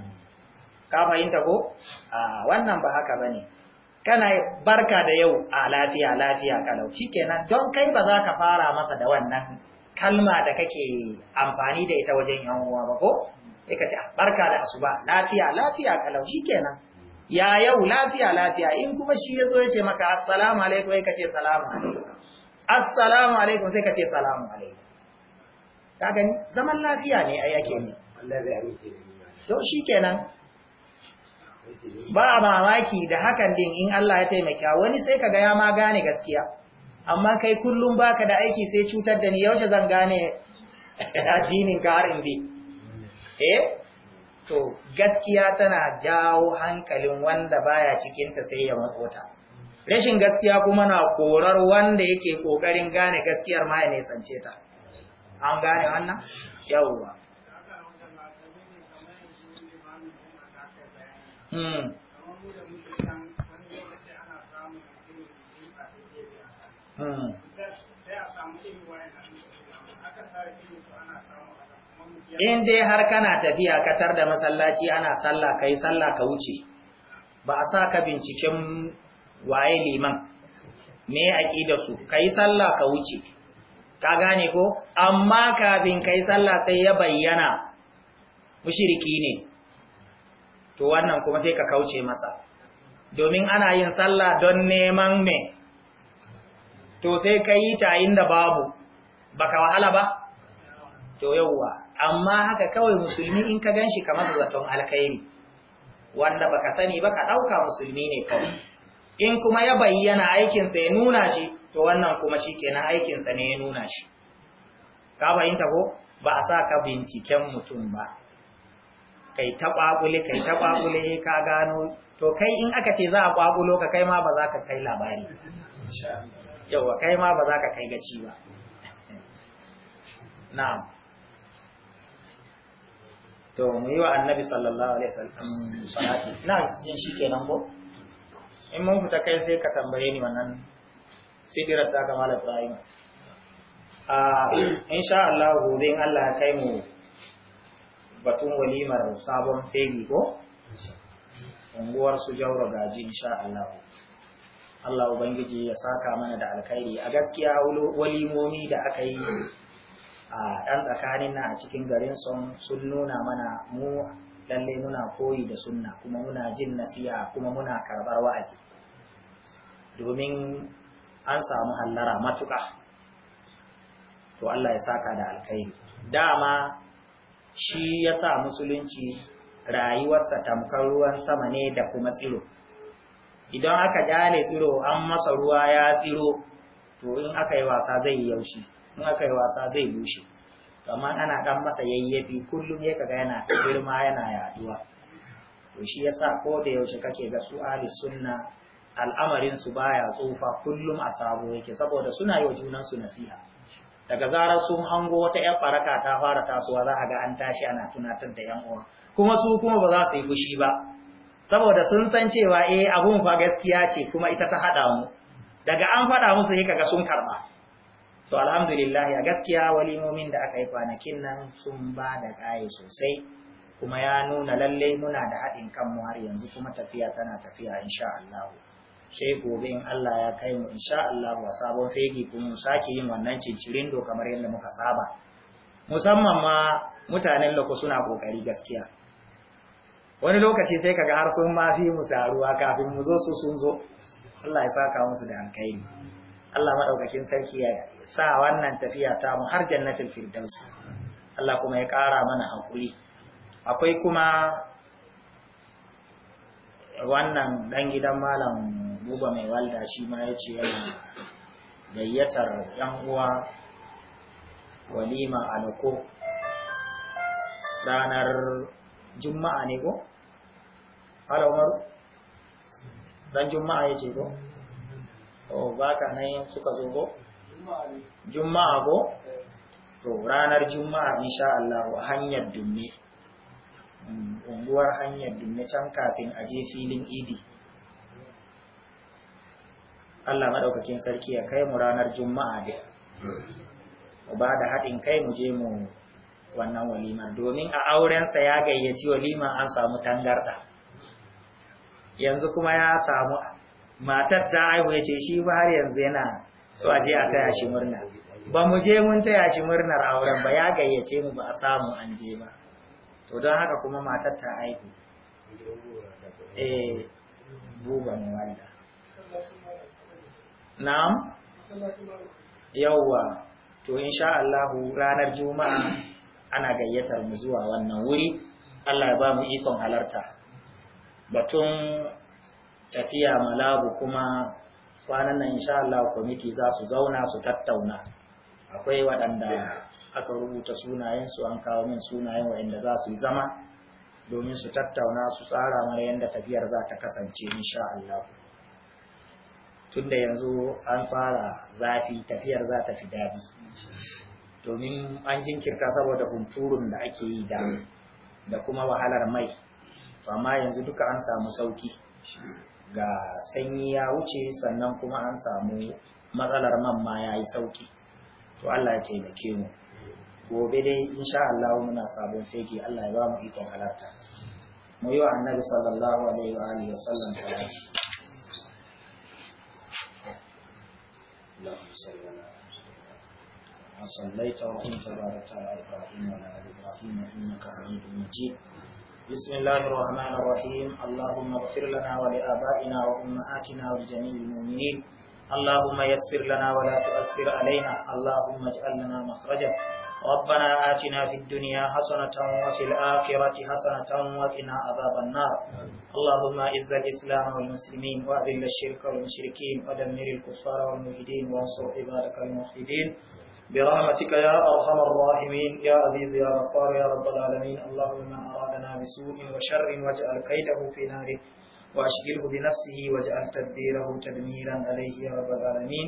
ka fahimta ko a wannan ba haka bane kana barka da yau a lafiya lafiya kalau shikenan don kai ba za ka fara masa da wannan kalma da kake amfani da ita wajen yan uwa ba ko sai ka ce ah, barka da asuba lafiya lafiya kalau shikenan ya yau lafiya lafiya in kuma shi ya zo ya ce maka assalamu alaikum sai ka ce salamu alaikum assalamu alaikum sai ka ce salamu alaikum ka gani zaman lafiya ne ai yake ne Allah zai amince da ni to shikenan ba mamaki da hakan din in Allah ya taimaka wani sai kaga ya ma gane gaskiya amma kai kullum baka da aiki sai cutar da ni yaushe zan gane addinin ka har bi. eh to gaskiya tana jawo hankalin wanda baya cikin ta sai ya makota. rashin gaskiya kuma na korar wanda yake kokarin gane gaskiyar ma ya nesance ta an gane wannan yawa Hmm. Hmm. in dai har kana tafiya ka tar da masallaci ana sallah kai sallah ka wuce ba a sa ka binciken waye liman me aqida su kai sallah ka wuce ka gane ko amma kafin kai sallah sai ya bayyana mushriki ne to wannan kuma sai ka kauce masa domin ana yin sallah don neman me to sai ka yi ta inda babu baka wahala ba to yauwa amma haka kawai musulmi in ka ganshi kamar zaton alkhairi wanda baka sani ba ka dauka musulmi ne kawai in kuma ya bayyana aikinsa ya nuna shi to wannan kuma shi shikenan aikinsa ne ya nuna shi ka bayyanta ko ba a sa ka binciken mutum ba kai ta kwakule kai ta kwakule ka gano to kai in aka ce za a kwakulo ka kai ma ba za ka kai labari yawa kai ma ba za ka kai gaci ba Na. to mu yi wa annabi sallallahu alaihi wasallam salati na jin shi nan ko in mun fita kai sai ka tambaye ni wannan sidirar ta kamala ibrahim a ah, insha Allah gobe in Allah ya kai mu batun walimar sabon fegi ko? unguwar su jauro gaji insha Allah Allah Ubangiji ya saka mana da alkhairi a gaskiya walimomi da aka yi a ɗan tsakanin na a cikin garin son sun nuna mana mu lalle muna koyi da sunna kuma muna jin nasiya kuma muna karɓar wa'azi domin an samu hallara matuƙa to Allah ya saka da alkhairi dama shi ya sa musulunci rayuwarsa tamkar ruwan sama ne da kuma tsiro idan aka jale tsiro an masa ruwa ya tsiro to in aka yi wasa zai yaushi in aka yi wasa zai bushe Kamar ana dan masa yayyafi kullum ya kaga yana girma yana yaduwa to shi ya sa ko da yaushe kake ga su ahli sunna al'amarin su baya tsufa kullum a sabo yake saboda suna yi wa junan su nasiha daga zarar sun hango wata ‘yan baraka ta fara tasowa za a ga an tashi ana tunatar da ‘yan uwa kuma su kuma ba za su yi fushi ba saboda sun san cewa eh abun fa gaskiya ce kuma ita ta haɗa mu daga an faɗa musu sai kaga sun karɓa to alhamdulillah a gaskiya walimomin da aka yi kwanakin nan sun ba da ƙaye sosai kuma ya nuna lallai muna da haɗin kanmu har yanzu kuma tafiya tana tafiya insha Allah sai gobe in Allah ya kai mu insha Allah wa sabon fegi kun mu sake yin wannan cincirindo kamar yadda muka saba musamman ma mutanen ku suna kokari gaskiya wani lokaci sai kaga har sun ma fi mu taruwa kafin mu zo su sun zo Allah ya saka musu da alkhairi Allah madaukakin sarki ya sa wannan tafiya ta mu har jannatul firdaus Allah kuma ya kara mana hakuri akwai kuma wannan dan gidan malam buba mai walda shi ma ya ce yana gayyatar yan uwa walima alako ranar juma'a ne ko? halawar dan juma'a ya ce ko? o oh, ba ka nan suka zo ko? juma'a ko? to ranar juma'a insha Allah a hanyar dumme unguwar hanyar dumme can kafin aje filin idi Allah maɗaukakin sarki ya kai mu ranar juma'a da ku ba da haɗin kai mu je mu wannan walimar domin a aurensa ya gayyaci walima an samu tangarɗa yanzu kuma ya samu matar ta aihu ya ce shi ba har yanzu yana so a je a taya shi murna ba mu je mun taya shi murnar auren ba ya gayyace mu ba a samu an je ba to don haka kuma matar ta aihu eh buban wanda na'am yawwa to insha Allah ranar juma'a ana gayyatar mu zuwa wannan wuri Allah ya ba mu ikon halarta batun tafiya malabu kuma kwanan nan insha Allah kwamiti za su zauna su tattauna akwai waɗanda aka rubuta sunayen su an kawo min sunayen waɗanda za su yi zama domin su tattauna su tsara mana yadda tafiyar za ta kasance insha Allah tunda yanzu an fara zafi tafiyar za ta fi daɗi domin an jinkirta saboda hunturun da ake yi da da kuma wahalar mai amma yanzu duka an samu sauki ga sanyi ya wuce sannan kuma an samu matsalar man ma ya yi sauki to Allah ya taimake mu gobe dai insha Allah muna sabon fege Allah ya ba mu ikon halarta mu yi annabi sallallahu alaihi wa alihi wa sallam وسلم وصليت وكنت باركت على إبراهيم وعلى آل إبراهيم إنك حميد مجيد بسم الله الرحمن الرحيم اللهم اغفر لنا ولآبائنا وأمهاتنا ولجميع المؤمنين اللهم يسر لنا ولا تؤثر علينا اللهم اجعل لنا مخرجا ربنا آتنا في الدنيا حسنة وفي الآخرة حسنة وقنا عذاب النار اللهم إذ الإسلام والمسلمين وأذل الشرك والمشركين ودمر الكفار والملحدين وانصر عبادك الموحدين برحمتك يا أرحم الراحمين يا عزيز يا غفار يا رب العالمين اللهم من أرادنا بسوء وشر واجعل كيده في ناره وأشغله بنفسه واجعل تدبيره تدميرا عليه يا رب العالمين